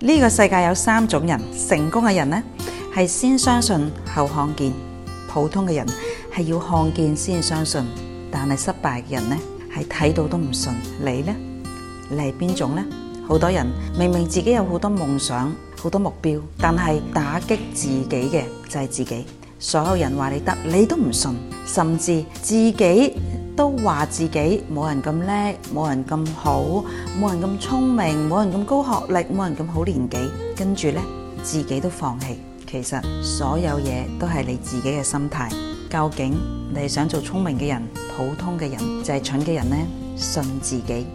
呢個世界有三種人，成功嘅人呢係先相信後看見，普通嘅人係要看見先相信，但係失敗嘅人呢係睇到都唔信。你呢？你係邊種呢？好多人明明自己有好多夢想、好多目標，但係打擊自己嘅就係自己。所有人話你得，你都唔信，甚至自己。都話自己冇人咁叻，冇人咁好，冇人咁聰明，冇人咁高學歷，冇人咁好年紀，跟住呢，自己都放棄。其實所有嘢都係你自己嘅心態。究竟你想做聰明嘅人、普通嘅人，定係蠢嘅人呢？信自己。